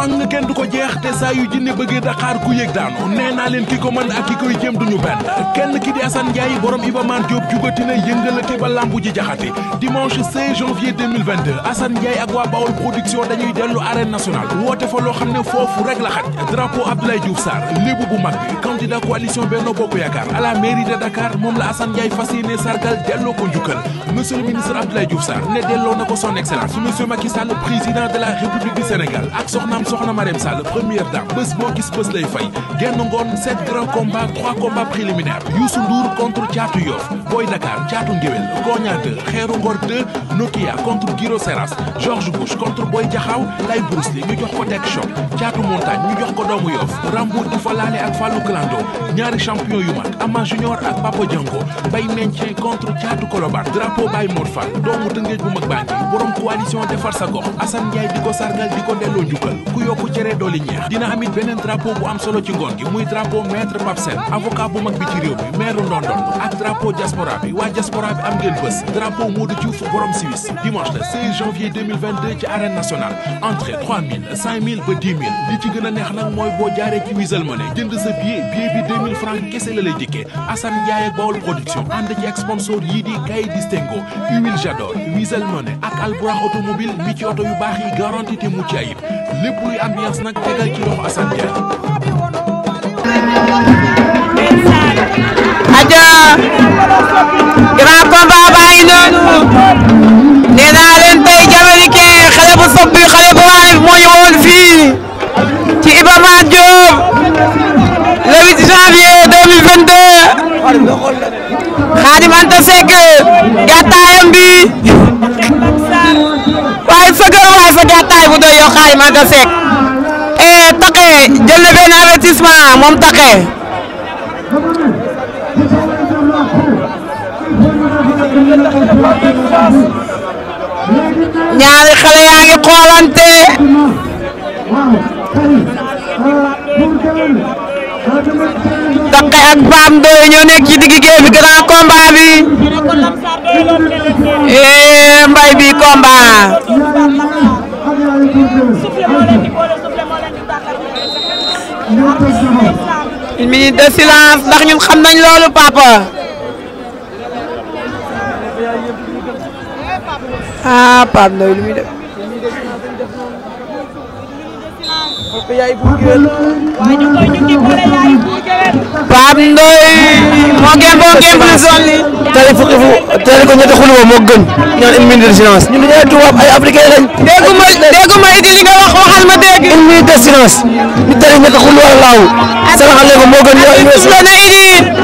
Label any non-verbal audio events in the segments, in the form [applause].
fang kenn du ko jeex te saa yu jinne bëggee Dakar ku yëg daanu nee leen ki ko mën ak ki koy jéem duñu benn kenn ki di Assane borom Iba Mar Diop jugati ba lambu jaxati dimanche 16 janvier 2022 ak waa Bawol production dañuy dellu arène nationale woote fa loo xam ne foofu rek la xaj drapeau Abdoulaye Diouf Sarr lébu bu mag bi candidat coalition Bokk Yaakaar à de Dakar moom la Assane Ndiaye fas yéene sargal delloo ko njukkal monsieur soxna Marème Sall première dame bés boo gis bés lay fay genn ngoon sept grands combats trois combats préliminaires Youssou Ndour contre Thiatou Boy Dakar Thiatou Ngéwél Koña 2 Xeeru Ngor 2 Nokia Giro Seras George Bush contre Boy Jaxaw Lay Bruce Lee ñu jox ko Tek Choc Thiatou Montagne ñu jox ko doomu Yoff Rambour di fa laale ak Fallou Clando ñaari champion yu mag Ama Junior ak Papa Django Bay Mentien contre Thiatou Kolobar drapeau Bay Mor doomu Tëngéej bu mag baa ku yokku cere dooli ñeex dina amit beneen drapeau bu am solo ci ngoon gi muy drapeau maître Papsen avocat bu mag bi ci réew mi maire Ndondon ak drapeau diaspora bi waa diaspora bi am ngeen bés drapeau Modou Diouf borom Suisse dimanche le janvier ci arène nationale entrée ba 10 000 li ci gën neex nag mooy boo jaaree ci Wizall jënd sa billet billet bi francs kese la lay dikkee Assane Ndiaye ak Bawol production ànd ci sponsor yii di Kay Distingo Huile Jador buy ambiance nag tegal ci loxo Assane Dia. Adja grand combat baa ngi noonu nee naa leen tey Jamaïcain xale bu sopp bi xale. la yokkaay Maga Seck e eh, Takké jël na benn avertissement moom Takké ñaari xale yaa ngi xoolante Takké ak Bam Ndoye ñoo nekk ci digg géew bi grand combat bi une minute de silence ndax ñun xam nañ loolu papa. ah Pape Pape Ndoye moo gën moo gën bu ñu sonni tari fukki fu tari ko ñetti xuluma moo gën ñaan une minute de silence ñun dañu tubaab ay africain lañ dégguma dégguma idi li nga wax ma dégg une minute de silence ñu tari ñetti xuluma laaw salaamaaleykum moo gën yo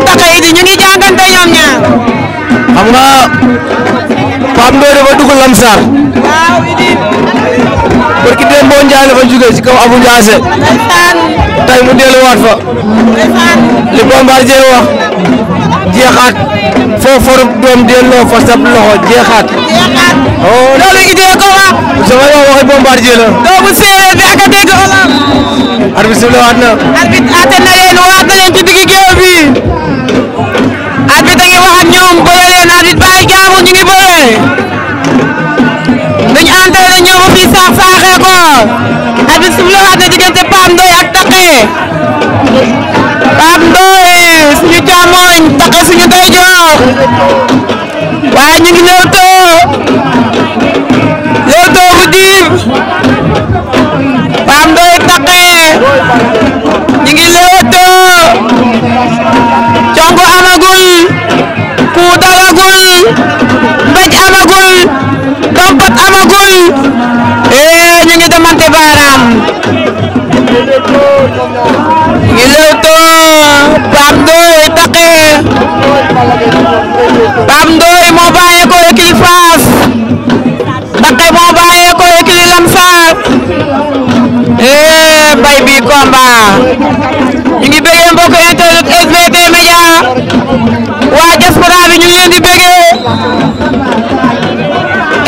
Taka Idi ñu ngi jàngante ñoom ñaar. xam nga Pape Ndoye dafa dugg Lamsar. waaw Idi. parce que démb boo Ndiaye ci kaw Abou Ndiassé. tay mu delluwaat fa. li Bombardier wax jeexaat foo foru doom delloo fa sab loxo jeexaat. oh loolu Idé ko wax. sama yow waxi Bombardier doomu séeréer bi ak a dégg bi la waat na. arbitre àtte na leen waat na leen ci digg géew arbitre ngi wax ak ñoom boole na arbitre bàyyi jaamu ñu ngi boole duñ entré dañ ñëw ba fii saax saaxee ko arbitre suuf la waat na diggante Pape Ndoye ak Takké Pape Ndoye suñu càmmoñ Takké suñu ndeyjoor waaye ñu ngi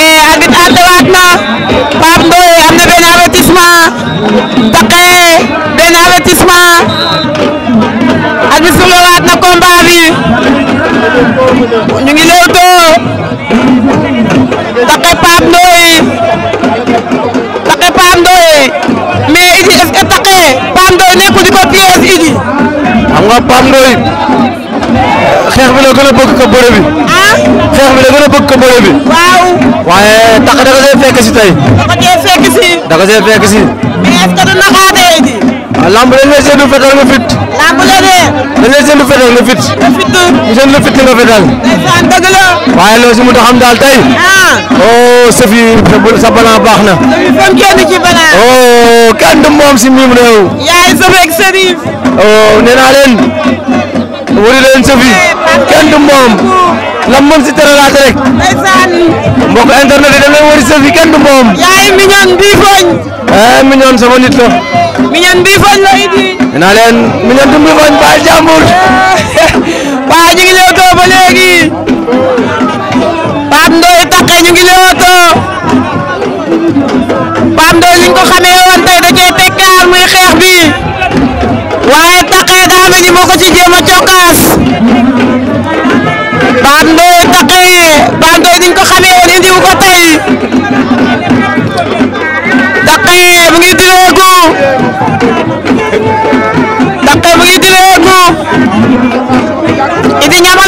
ee arbitre àttewaat na Pape Ndoye am na benn avertissement Takké e, benn avertissement arbitre siflewaat na combat bi ñu ngi lewtoo Takké Ndoye Takké Pape Ndoye mais Idy est-ce que Takké Pape Ndoye nekkul di ko piège Idy xam nga Pape Ndoye xeex bi a bëgg ko bëre ah? xeex bi a bëgg ko bëre waaye tax da ko fekk si tey. da ko fekk si. da ko fekk si. mais est-ce que du naxaatee ah, nga fit. lamb la de. dañ lay séntu fetal nga fit. nga fit du. fit nga fetal. ndeysaan dëgg la. daal tey. ah. oh sëf yi sa baax na. sëf oh, kenn du moom si miim réew. yaay sëf ak sëriñ. oh nee naa kenn du moom lam moom si tëralaat rek mbokk internet yi dafay wari sa fi kenn du moom. yaay miñoon bii foñ. ah eh, miñoon sama nit la. miñoon bii foñ la indi. dinaa leen miñoon du bii foñ baal jàmbur. waaw [laughs] ñu ngi Leewtoo ba léegi. Pape Ndoye Takké ñu ngi Leewtoo. Pape Ndoye ñu ko xamee woon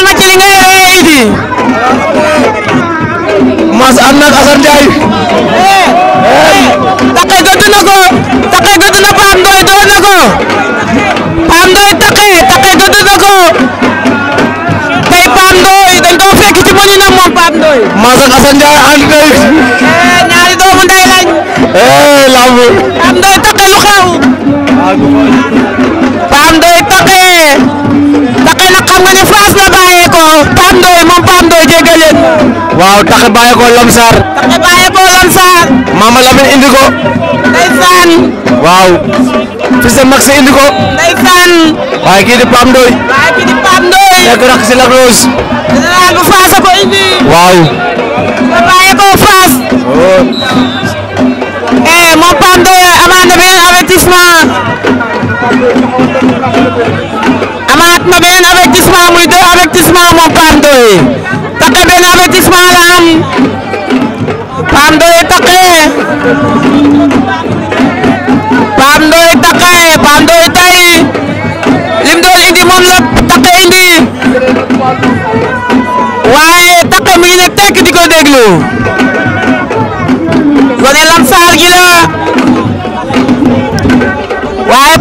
ma ci li nga yore wala Idi. Mass ànd na ko Takké gëdd na ko Pape Ndoye Takké Takké gëdd fekk ci bëri na moom Pape Ndoye. Mass ak Assane Ndiaye ànd nañ. Eh, ñaari doomu ndey eh, lu xew. waaw taxe bàyyi ko Lamsar. taxe bàyyi ko Lamsar. Mama Lamine indi ko. waaw. kii di Pam Ndoy. waaye kii di Pam Ndoy. waaw. nga bàyyi ko Fass. Oh. Eh, moom Pam Ndoy amaat na beneen avertissement. amaat na beneen avertissement muy deux avertissement moom Pam Ndoy. Takké benn avertissement la am Pape Ndoye Takké Pape Ndoye Takké Pape Ndoye tey lim doon indi moom la Takké indi waaye Takké mi tekk di ko déglu gone Lamsaar gi la waaye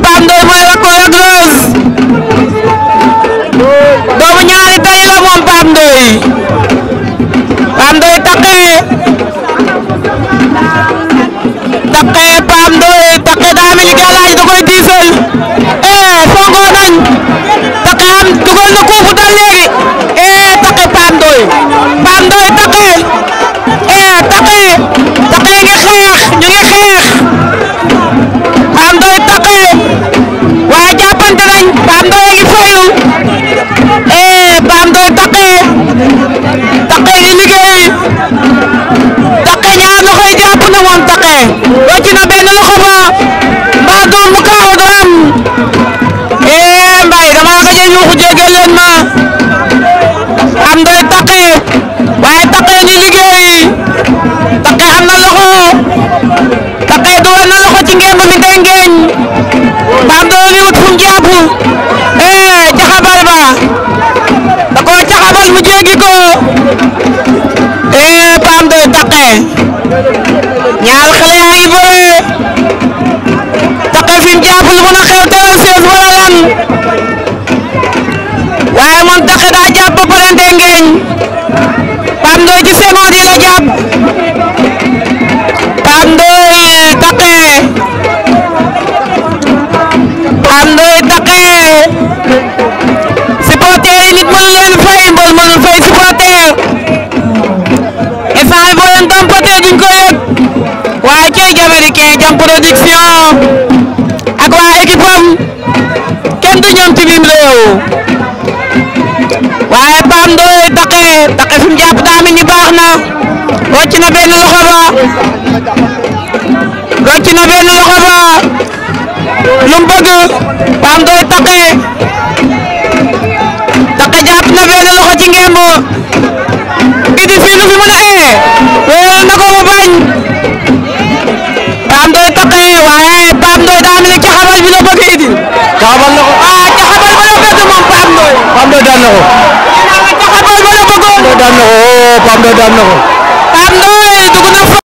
taqe fi mu jàpp daa mel ni baax na rocc na benn loxo ba rocc na benn loxo ba lu mu bëgg baa ngi koy taqe taqe jàpp na benn loxo ci ngemb biti fii lu fi mën a ee wéeral na ko ba bañ baa ngi koy taqe waaye baa ngi koy daa mel ni caxabal bi la bëgg indi caxabal na ko ah caxabal ba la bëgg moom baa ngi koy daan na ko daan na ko oo Pape Ndoye daan na ko. Pape Ndoye dugg na